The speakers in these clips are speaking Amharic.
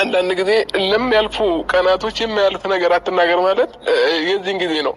አንዳንድ ጊዜ ለሚያልፉ ቀናቶች የማያልፍ ነገር አትናገር ማለት የዚህን ጊዜ ነው።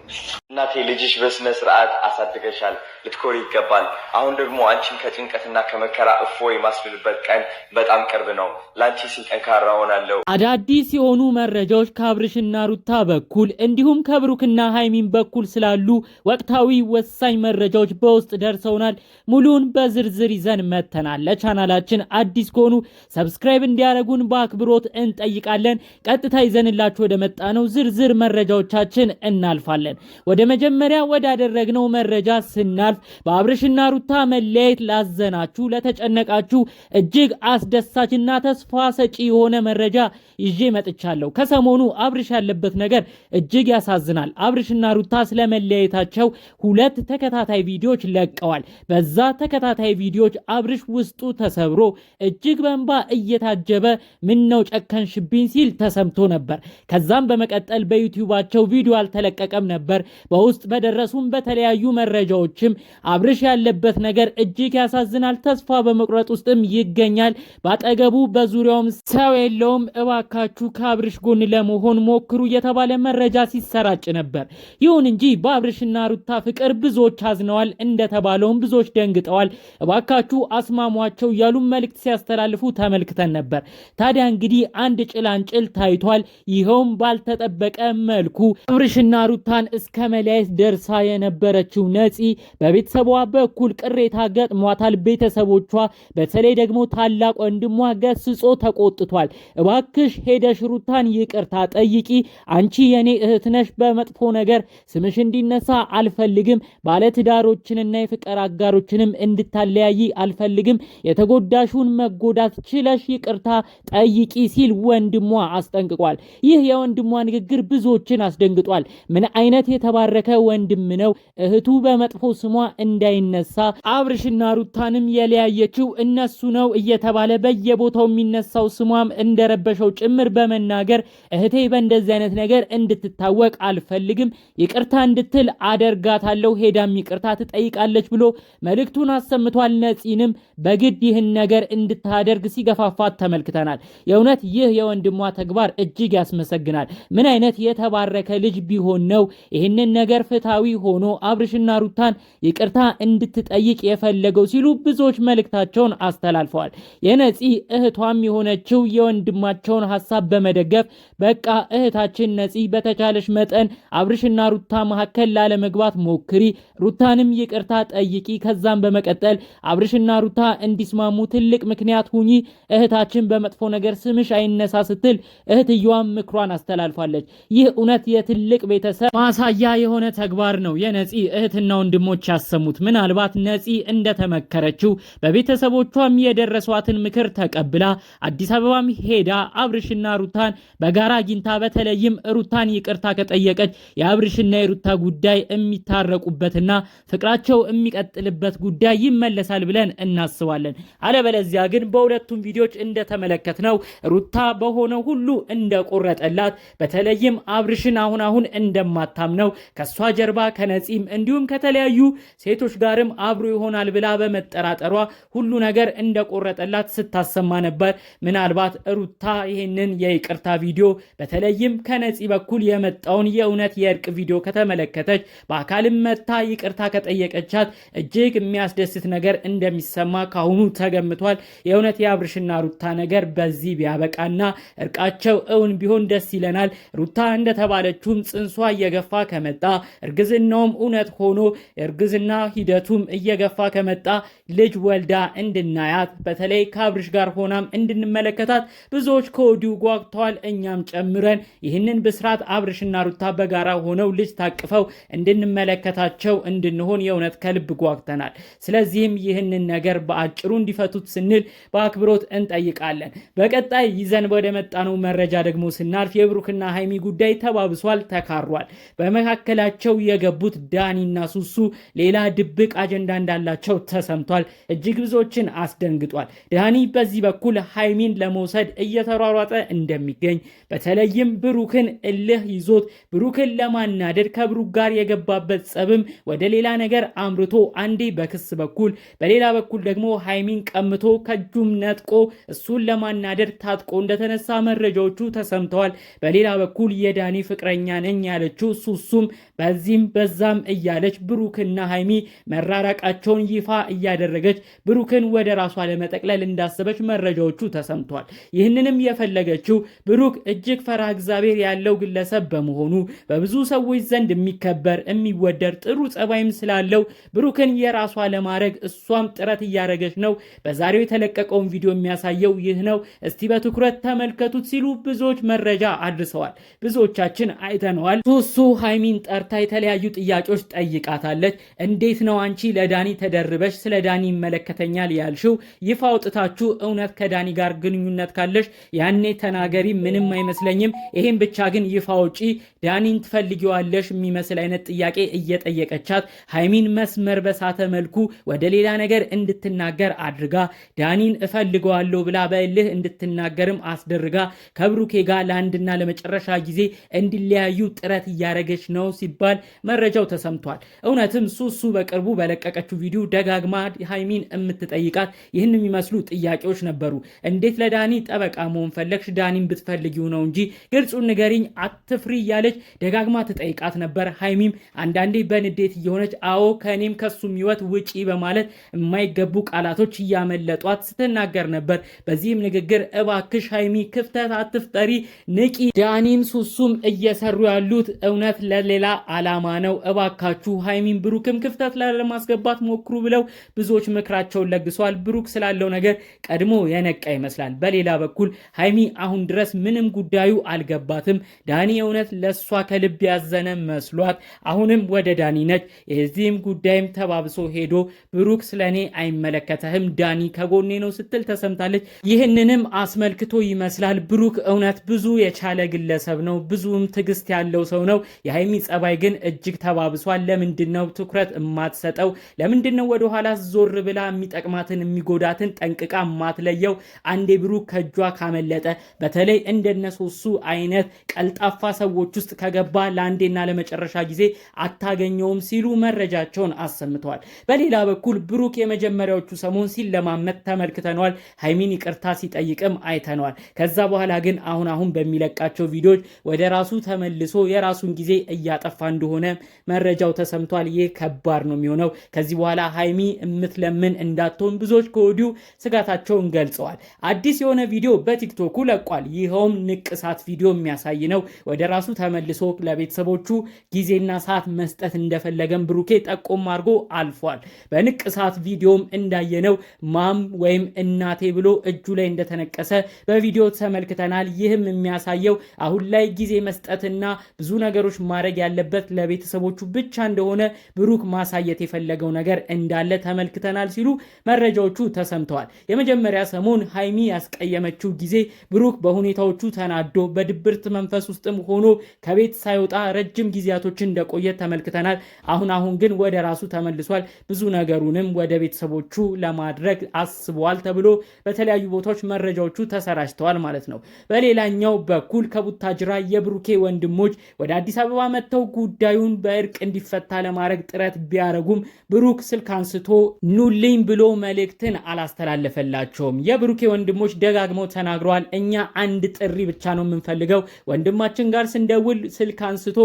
እናቴ ልጅሽ በስነ ስርዓት አሳድገሻል፣ ልትኮሪ ይገባል። አሁን ደግሞ አንቺን ከጭንቀትና ከመከራ እፎ የማስብልበት ቀን በጣም ቅርብ ነው። ለአንቺ ሲል ጠንካራ ሆናለሁ። አዳዲስ የሆኑ መረጃዎች ከአብርሽና ሩታ በኩል እንዲሁም ከብሩክና ሃይሚን በኩል ስላሉ ወቅታዊ ወሳኝ መረጃዎች በውስጥ ደርሰውናል። ሙሉውን በዝርዝር ይዘን መተናል። ለቻናላችን አዲስ ከሆኑ ሰብስክራይብ እንዲያደርጉን በአክብሮት እንጠይቃለን። ቀጥታ ይዘንላችሁ ወደ መጣ ነው ዝርዝር መረጃዎቻችን እናልፋለን። ወደ መጀመሪያ ወዳደረግነው መረጃ ስናልፍ በአብርሽና ሩታ መለያየት ላዘናችሁ፣ ለተጨነቃችሁ እጅግ አስደሳችና ተስፋ ሰጪ የሆነ መረጃ ይዤ መጥቻለሁ። ከሰሞኑ አብርሽ ያለበት ነገር እጅግ ያሳዝናል። አብርሽና ሩታ ስለ መለያየታቸው ሁለት ተከታታይ ቪዲዮዎች ለቀዋል። በዛ ተከታታይ ቪዲዮዎች አብርሽ ውስጡ ተሰብሮ እጅግ በእንባ እየታጀበ ጨከን ጨከንሽብኝ ሲል ተሰምቶ ነበር። ከዛም በመቀጠል በዩቲዩባቸው ቪዲዮ አልተለቀቀም ነበር። በውስጥ በደረሱም በተለያዩ መረጃዎችም አብርሽ ያለበት ነገር እጅግ ያሳዝናል። ተስፋ በመቁረጥ ውስጥም ይገኛል። በአጠገቡ በዙሪያውም ሰው የለውም። እባካችሁ ከአብርሽ ጎን ለመሆን ሞክሩ የተባለ መረጃ ሲሰራጭ ነበር። ይሁን እንጂ በአብርሽና ሩታ ፍቅር ብዙዎች አዝነዋል፣ እንደተባለውም ብዙዎች ደንግጠዋል። እባካችሁ አስማሟቸው እያሉ መልእክት ሲያስተላልፉ ተመልክተን ነበር። ታዲያ እንግዲህ አንድ ጭላንጭል ታይቷል። ይኸውም ባልተጠበቀ መልኩ አብርሽና ሩታን እስከ ለመለያየት ደርሳ የነበረችው ነፂ በቤተሰቧ በኩል ቅሬታ ገጥሟታል። ቤተሰቦቿ በተለይ ደግሞ ታላቅ ወንድሟ ገስጾ ተቆጥቷል። እባክሽ ሄደሽ ሩታን ይቅርታ ጠይቂ፣ አንቺ የኔ እህትነሽ፣ በመጥፎ ነገር ስምሽ እንዲነሳ አልፈልግም፣ ባለትዳሮችንና የፍቅር አጋሮችንም እንድታለያይ አልፈልግም፣ የተጎዳሹን መጎዳት ችለሽ ይቅርታ ጠይቂ ሲል ወንድሟ አስጠንቅቋል። ይህ የወንድሟ ንግግር ብዙዎችን አስደንግጧል። ምን አይነት የተባረ የተባረከ ወንድም ነው። እህቱ በመጥፎ ስሟ እንዳይነሳ አብርሽና ሩታንም የለያየችው እነሱ ነው እየተባለ በየቦታው የሚነሳው ስሟም እንደረበሸው ጭምር በመናገር እህቴ በእንደዚህ አይነት ነገር እንድትታወቅ አልፈልግም፣ ይቅርታ እንድትል አደርጋታለሁ፣ ሄዳም ይቅርታ ትጠይቃለች ብሎ መልእክቱን አሰምቷል። ነፂንም በግድ ይህን ነገር እንድታደርግ ሲገፋፋት ተመልክተናል። የእውነት ይህ የወንድሟ ተግባር እጅግ ያስመሰግናል። ምን አይነት የተባረከ ልጅ ቢሆን ነው ይህንን ነገር ፍትሐዊ ሆኖ አብርሽና ሩታን ይቅርታ እንድትጠይቅ የፈለገው ሲሉ ብዙዎች መልእክታቸውን አስተላልፈዋል። የነፂ እህቷም የሆነችው የወንድማቸውን ሀሳብ በመደገፍ በቃ እህታችን ነፂ በተቻለሽ መጠን አብርሽና ሩታ መካከል ላለመግባት ሞክሪ፣ ሩታንም ይቅርታ ጠይቂ፣ ከዛም በመቀጠል አብርሽና ሩታ እንዲስማሙ ትልቅ ምክንያት ሁኚ፣ እህታችን በመጥፎ ነገር ስምሽ አይነሳ ስትል እህትየዋም ምክሯን አስተላልፋለች። ይህ እውነት የትልቅ ቤተሰብ ማሳያ የሆነ ተግባር ነው የነፂ እህትና ወንድሞች ያሰሙት። ምናልባት ነፂ እንደተመከረችው በቤተሰቦቿም የደረሷትን ምክር ተቀብላ አዲስ አበባም ሄዳ አብርሽና ሩታን በጋራ አግኝታ በተለይም ሩታን ይቅርታ ከጠየቀች የአብርሽና የሩታ ጉዳይ የሚታረቁበትና ፍቅራቸው የሚቀጥልበት ጉዳይ ይመለሳል ብለን እናስባለን። አለበለዚያ ግን በሁለቱም ቪዲዮዎች እንደተመለከትነው ሩታ በሆነው ሁሉ እንደቆረጠላት በተለይም አብርሽን አሁን አሁን እንደማታምነው ከእሷ ጀርባ ከነፂም እንዲሁም ከተለያዩ ሴቶች ጋርም አብሮ ይሆናል ብላ በመጠራጠሯ ሁሉ ነገር እንደቆረጠላት ስታሰማ ነበር። ምናልባት ሩታ ይህንን የይቅርታ ቪዲዮ በተለይም ከነፂ በኩል የመጣውን የእውነት የእርቅ ቪዲዮ ከተመለከተች በአካልም መታ ይቅርታ ከጠየቀቻት እጅግ የሚያስደስት ነገር እንደሚሰማ ካሁኑ ተገምቷል። የእውነት የአብርሽና ሩታ ነገር በዚህ ቢያበቃና እርቃቸው እውን ቢሆን ደስ ይለናል። ሩታ እንደተባለችውም ጽንሷ እየገፋ ከመ ከመጣ እርግዝናውም እውነት ሆኖ እርግዝና ሂደቱም እየገፋ ከመጣ ልጅ ወልዳ እንድናያት በተለይ ከአብርሽ ጋር ሆናም እንድንመለከታት ብዙዎች ከወዲሁ ጓጉተዋል። እኛም ጨምረን ይህንን ብስራት አብርሽና ሩታ በጋራ ሆነው ልጅ ታቅፈው እንድንመለከታቸው እንድንሆን የእውነት ከልብ ጓግተናል። ስለዚህም ይህንን ነገር በአጭሩ እንዲፈቱት ስንል በአክብሮት እንጠይቃለን። በቀጣይ ይዘን ወደ መጣነው መረጃ ደግሞ ስናልፍ የብሩክና ሀይሚ ጉዳይ ተባብሷል፣ ተካሯል። በመካከል መካከላቸው የገቡት ዳኒና ሱሱ ሌላ ድብቅ አጀንዳ እንዳላቸው ተሰምቷል። እጅግ ብዙዎችን አስደንግጧል። ዳኒ በዚህ በኩል ሀይሚን ለመውሰድ እየተሯሯጠ እንደሚገኝ በተለይም ብሩክን እልህ ይዞት ብሩክን ለማናደድ ከብሩክ ጋር የገባበት ጸብም ወደ ሌላ ነገር አምርቶ አንዴ በክስ በኩል በሌላ በኩል ደግሞ ሀይሚን ቀምቶ ከእጁም ነጥቆ እሱን ለማናደድ ታጥቆ እንደተነሳ መረጃዎቹ ተሰምተዋል። በሌላ በኩል የዳኒ ፍቅረኛ ነኝ ያለችው ሱሱም በዚህም በዛም እያለች ብሩክና ሀይሚ መራራቃቸውን ይፋ እያደረገች ብሩክን ወደ ራሷ ለመጠቅለል እንዳሰበች መረጃዎቹ ተሰምቷል። ይህንንም የፈለገችው ብሩክ እጅግ ፈራህ እግዚአብሔር ያለው ግለሰብ በመሆኑ በብዙ ሰዎች ዘንድ የሚከበር የሚወደድ ጥሩ ጸባይም ስላለው ብሩክን የራሷ ለማድረግ እሷም ጥረት እያደረገች ነው። በዛሬው የተለቀቀውን ቪዲዮ የሚያሳየው ይህ ነው። እስቲ በትኩረት ተመልከቱት ሲሉ ብዙዎች መረጃ አድርሰዋል። ብዙዎቻችን አይተነዋል። ሱሱ ሀይሚን ጠርታ የተለያዩ ጥያቄዎች ጠይቃታለች። እንዴት ነው አንቺ ለዳኒ ተደርበሽ ስለ ዳኒ ይመለከተኛል ያልሽው? ይፋ አውጥታችሁ እውነት ከዳኒ ጋር ግንኙነት ካለሽ ያኔ ተናገሪ፣ ምንም አይመስለኝም። ይሄን ብቻ ግን ይፋ ውጪ ዳኒን ትፈልጊዋለሽ የሚመስል አይነት ጥያቄ እየጠየቀቻት ሀይሚን መስመር በሳተ መልኩ ወደ ሌላ ነገር እንድትናገር አድርጋ ዳኒን እፈልገዋለሁ ብላ በእልህ እንድትናገርም አስደርጋ ከብሩኬ ጋር ለአንድና ለመጨረሻ ጊዜ እንዲለያዩ ጥረት እያደረገች ነው ሲባል መረጃው ተሰምቷል። እውነትም ሱሱ በቅርቡ በለቀቀችው ቪዲዮ ደጋግማ ሀይሚን የምትጠይቃት ይህን የሚመስሉ ጥያቄዎች ነበሩ። እንዴት ለዳኒ ጠበቃ መሆን ፈለግሽ? ዳኒን ብትፈልጊው ነው እንጂ ግልጹን ንገሪኝ፣ አትፍሪ እያለች ደጋግማ ትጠይቃት ነበር። ሀይሚም አንዳንዴ በንዴት እየሆነች አዎ ከእኔም ከሱም ህይወት ውጪ በማለት የማይገቡ ቃላቶች እያመለጧት ስትናገር ነበር። በዚህም ንግግር እባክሽ ሀይሚ ክፍተት አትፍጠሪ፣ ንቂ። ዳኒም ሱሱም እየሰሩ ያሉት እውነት ለሌላ አላማ ነው። እባካችሁ ሀይሚን ብሩክም ክፍተት ለማስገባት ሞክሩ ብለው ብዙዎች ምክራቸውን ለግሰዋል። ብሩክ ስላለው ነገር ቀድሞ የነቃ ይመስላል። በሌላ በኩል ሀይሚ አሁን ድረስ ምንም ጉዳዩ አልገባትም። ዳኒ እውነት ለእሷ ከልብ ያዘነ መስሏት አሁንም ወደ ዳኒ ነች። የዚህም ጉዳይም ተባብሶ ሄዶ ብሩክ ስለእኔ አይመለከተህም፣ ዳኒ ከጎኔ ነው ስትል ተሰምታለች። ይህንንም አስመልክቶ ይመስላል ብሩክ እውነት ብዙ የቻለ ግለሰብ ነው፣ ብዙም ትዕግስት ያለው ሰው ነው። የሀይሚ ጸ ጠባይ ግን እጅግ ተባብሷል። ለምንድን ነው ትኩረት የማትሰጠው? ለምንድን ነው ወደኋላ ዞር ብላ የሚጠቅማትን የሚጎዳትን ጠንቅቃ እማትለየው አንዴ ብሩክ ከእጇ ካመለጠ በተለይ እንደነሶሱ አይነት ቀልጣፋ ሰዎች ውስጥ ከገባ ለአንዴና ለመጨረሻ ጊዜ አታገኘውም ሲሉ መረጃቸውን አሰምተዋል። በሌላ በኩል ብሩክ የመጀመሪያዎቹ ሰሞን ሲለማመጥ ተመልክተነዋል። ሀይሚን ይቅርታ ሲጠይቅም አይተነዋል። ከዛ በኋላ ግን አሁን አሁን በሚለቃቸው ቪዲዮዎች ወደ ራሱ ተመልሶ የራሱን ጊዜ እያጠፋ እየጠፋ እንደሆነ መረጃው ተሰምቷል። ይህ ከባድ ነው የሚሆነው። ከዚህ በኋላ ሀይሚ እምትለምን እንዳትሆን ብዙዎች ከወዲሁ ስጋታቸውን ገልጸዋል። አዲስ የሆነ ቪዲዮ በቲክቶኩ ለቋል። ይኸውም ንቅሳት ቪዲዮ የሚያሳይ ነው። ወደ ራሱ ተመልሶ ለቤተሰቦቹ ጊዜና ሰዓት መስጠት እንደፈለገም ብሩኬ ጠቆም አድርጎ አልፏል። በንቅሳት ቪዲዮም እንዳየነው ማም ወይም እናቴ ብሎ እጁ ላይ እንደተነቀሰ በቪዲዮ ተመልክተናል። ይህም የሚያሳየው አሁን ላይ ጊዜ መስጠትና ብዙ ነገሮች ማድረግ ያለ ያለበት ለቤተሰቦቹ ብቻ እንደሆነ ብሩክ ማሳየት የፈለገው ነገር እንዳለ ተመልክተናል ሲሉ መረጃዎቹ ተሰምተዋል። የመጀመሪያ ሰሞን ሀይሚ ያስቀየመችው ጊዜ ብሩክ በሁኔታዎቹ ተናዶ በድብርት መንፈስ ውስጥም ሆኖ ከቤት ሳይወጣ ረጅም ጊዜያቶችን እንደቆየ ተመልክተናል። አሁን አሁን ግን ወደ ራሱ ተመልሷል። ብዙ ነገሩንም ወደ ቤተሰቦቹ ለማድረግ አስበዋል ተብሎ በተለያዩ ቦታዎች መረጃዎቹ ተሰራጭተዋል ማለት ነው። በሌላኛው በኩል ከቡታጅራ የብሩኬ ወንድሞች ወደ አዲስ አበባ መጥተው ተወያይተው ጉዳዩን በእርቅ እንዲፈታ ለማድረግ ጥረት ቢያደርጉም ብሩክ ስልክ አንስቶ ኑልኝ ብሎ መልእክትን አላስተላለፈላቸውም። የብሩኬ ወንድሞች ደጋግመው ተናግረዋል። እኛ አንድ ጥሪ ብቻ ነው የምንፈልገው፣ ወንድማችን ጋር ስንደውል ስልክ አንስቶ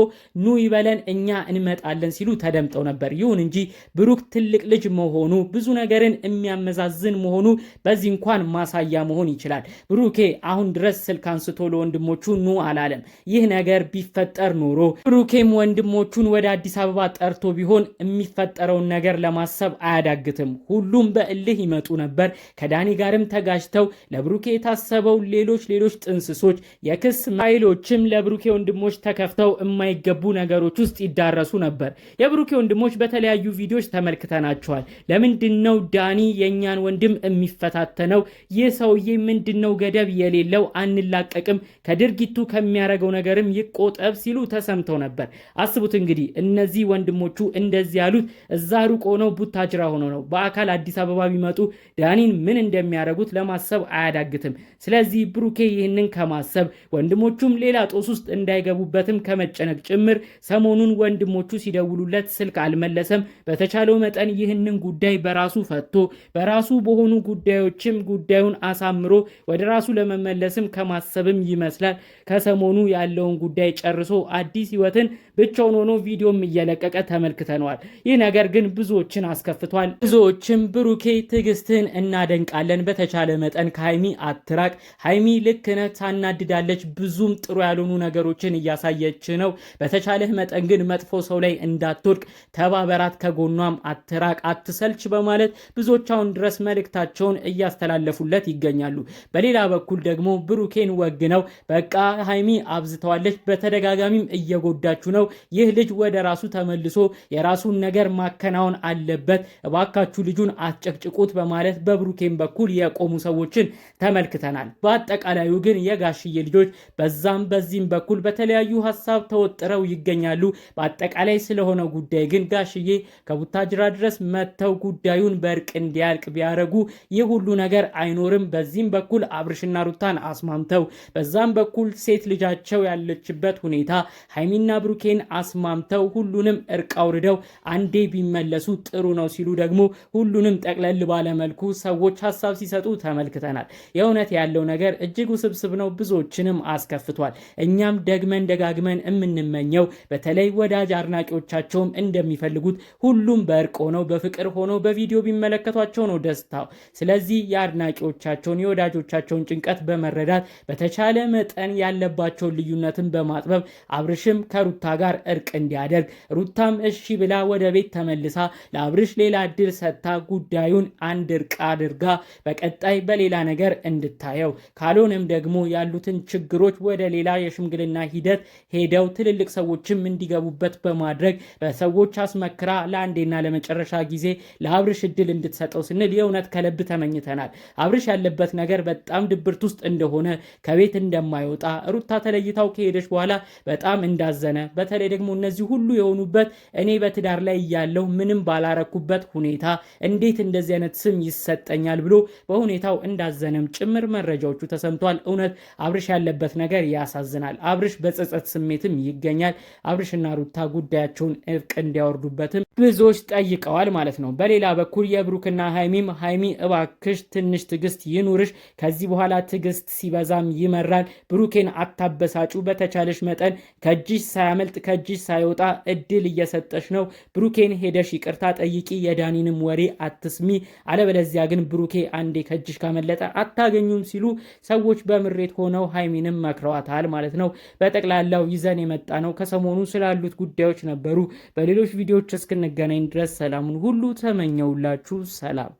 ኑ ይበለን፣ እኛ እንመጣለን ሲሉ ተደምጠው ነበር። ይሁን እንጂ ብሩክ ትልቅ ልጅ መሆኑ ብዙ ነገርን የሚያመዛዝን መሆኑ በዚህ እንኳን ማሳያ መሆን ይችላል። ብሩኬ አሁን ድረስ ስልክ አንስቶ ለወንድሞቹ ኑ አላለም። ይህ ነገር ቢፈጠር ኖሮ ብሩኬ ወይም ወንድሞቹን ወደ አዲስ አበባ ጠርቶ ቢሆን የሚፈጠረውን ነገር ለማሰብ አያዳግትም። ሁሉም በእልህ ይመጡ ነበር። ከዳኒ ጋርም ተጋጅተው ለብሩኬ የታሰበው ሌሎች ሌሎች ጥንስሶች፣ የክስ ፋይሎችም ለብሩኬ ወንድሞች ተከፍተው የማይገቡ ነገሮች ውስጥ ይዳረሱ ነበር። የብሩኬ ወንድሞች በተለያዩ ቪዲዮዎች ተመልክተናቸዋል። ለምንድን ነው ዳኒ የእኛን ወንድም የሚፈታተነው? ይህ ሰውዬ ምንድን ነው ገደብ የሌለው? አንላቀቅም፣ ከድርጊቱ ከሚያደርገው ነገርም ይቆጠብ ሲሉ ተሰምተው ነበር። አስቡት እንግዲህ እነዚህ ወንድሞቹ እንደዚህ ያሉት እዛ ሩቅ ሆነው ቡታጅራ ሆኖ ነው። በአካል አዲስ አበባ ቢመጡ ዳኒን ምን እንደሚያደርጉት ለማሰብ አያዳግትም። ስለዚህ ብሩኬ ይህንን ከማሰብ ወንድሞቹም ሌላ ጦስ ውስጥ እንዳይገቡበትም ከመጨነቅ ጭምር ሰሞኑን ወንድሞቹ ሲደውሉለት ስልክ አልመለሰም። በተቻለው መጠን ይህንን ጉዳይ በራሱ ፈቶ በራሱ በሆኑ ጉዳዮችም ጉዳዩን አሳምሮ ወደ ራሱ ለመመለስም ከማሰብም ይመስላል ከሰሞኑ ያለውን ጉዳይ ጨርሶ አዲስ ህይወትን ብቻውን ሆኖ ቪዲዮም እየለቀቀ ተመልክተነዋል። ይህ ነገር ግን ብዙዎችን አስከፍቷል። ብዙዎችም ብሩኬ ትዕግስትህን እናደንቃለን፣ በተቻለ መጠን ከሀይሚ አትራቅ፣ ሀይሚ ልክ ነህ፣ ታናድዳለች፣ ብዙም ጥሩ ያልሆኑ ነገሮችን እያሳየች ነው። በተቻለህ መጠን ግን መጥፎ ሰው ላይ እንዳትወድቅ ተባበራት፣ ከጎኗም አትራቅ፣ አትሰልች በማለት ብዙዎች አሁን ድረስ መልእክታቸውን እያስተላለፉለት ይገኛሉ። በሌላ በኩል ደግሞ ብሩኬን ወግ ነው በቃ ሀይሚ አብዝተዋለች፣ በተደጋጋሚም እየጎዳችሁ ነው ያለው ይህ ልጅ ወደ ራሱ ተመልሶ የራሱን ነገር ማከናወን አለበት፣ እባካችሁ ልጁን አትጨቅጭቁት በማለት በብሩኬን በኩል የቆሙ ሰዎችን ተመልክተናል። በአጠቃላዩ ግን የጋሽዬ ልጆች በዛም በዚህም በኩል በተለያዩ ሀሳብ ተወጥረው ይገኛሉ። በአጠቃላይ ስለሆነ ጉዳይ ግን ጋሽዬ ከቡታጅራ ድረስ መጥተው ጉዳዩን በእርቅ እንዲያልቅ ቢያደርጉ ይህ ሁሉ ነገር አይኖርም። በዚህም በኩል አብርሽና ሩታን አስማምተው በዛም በኩል ሴት ልጃቸው ያለችበት ሁኔታ ሀይሚና ብሩኬን ግን አስማምተው ሁሉንም እርቅ አውርደው አንዴ ቢመለሱ ጥሩ ነው ሲሉ ደግሞ ሁሉንም ጠቅለል ባለመልኩ ሰዎች ሀሳብ ሲሰጡ ተመልክተናል። የእውነት ያለው ነገር እጅግ ውስብስብ ነው፣ ብዙዎችንም አስከፍቷል። እኛም ደግመን ደጋግመን የምንመኘው በተለይ ወዳጅ አድናቂዎቻቸውም እንደሚፈልጉት ሁሉም በእርቅ ሆነው በፍቅር ሆነው በቪዲዮ ቢመለከቷቸው ነው ደስታው። ስለዚህ የአድናቂዎቻቸውን የወዳጆቻቸውን ጭንቀት በመረዳት በተቻለ መጠን ያለባቸውን ልዩነትን በማጥበብ አብርሽም ከሩታ ጋር ጋር እርቅ እንዲያደርግ ሩታም እሺ ብላ ወደ ቤት ተመልሳ ለአብርሽ ሌላ እድል ሰጥታ ጉዳዩን አንድ እርቅ አድርጋ በቀጣይ በሌላ ነገር እንድታየው ካልሆነም ደግሞ ያሉትን ችግሮች ወደ ሌላ የሽምግልና ሂደት ሄደው ትልልቅ ሰዎችም እንዲገቡበት በማድረግ በሰዎች አስመክራ ለአንዴና ለመጨረሻ ጊዜ ለአብርሽ እድል እንድትሰጠው ስንል የእውነት ከልብ ተመኝተናል። አብርሽ ያለበት ነገር በጣም ድብርት ውስጥ እንደሆነ፣ ከቤት እንደማይወጣ ሩታ ተለይታው ከሄደች በኋላ በጣም እንዳዘነ በተለይ ደግሞ እነዚህ ሁሉ የሆኑበት እኔ በትዳር ላይ እያለሁ ምንም ባላረኩበት ሁኔታ እንዴት እንደዚህ አይነት ስም ይሰጠኛል ብሎ በሁኔታው እንዳዘነም ጭምር መረጃዎቹ ተሰምቷል። እውነት አብርሽ ያለበት ነገር ያሳዝናል። አብርሽ በጸጸት ስሜትም ይገኛል። አብርሽና ሩታ ጉዳያቸውን እርቅ እንዲያወርዱበትም ብዙዎች ጠይቀዋል ማለት ነው። በሌላ በኩል የብሩክና ሀይሚም ሃይሚ እባክሽ ትንሽ ትዕግስት ይኑርሽ፣ ከዚህ በኋላ ትዕግስት ሲበዛም ይመራል። ብሩኬን አታበሳጩ፣ በተቻለሽ መጠን ከእጅሽ ሳያመልጥ ከእጅሽ ሳይወጣ እድል እየሰጠሽ ነው። ብሩኬን ሄደሽ ይቅርታ ጠይቂ፣ የዳኒንም ወሬ አትስሚ፣ አለበለዚያ ግን ብሩኬ አንዴ ከእጅሽ ካመለጠ አታገኙም ሲሉ ሰዎች በምሬት ሆነው ሀይሚንም መክረዋታል ማለት ነው። በጠቅላላው ይዘን የመጣ ነው ከሰሞኑ ስላሉት ጉዳዮች ነበሩ። በሌሎች ቪዲዮዎች እስክንገናኝ ድረስ ሰላሙን ሁሉ ተመኘውላችሁ። ሰላም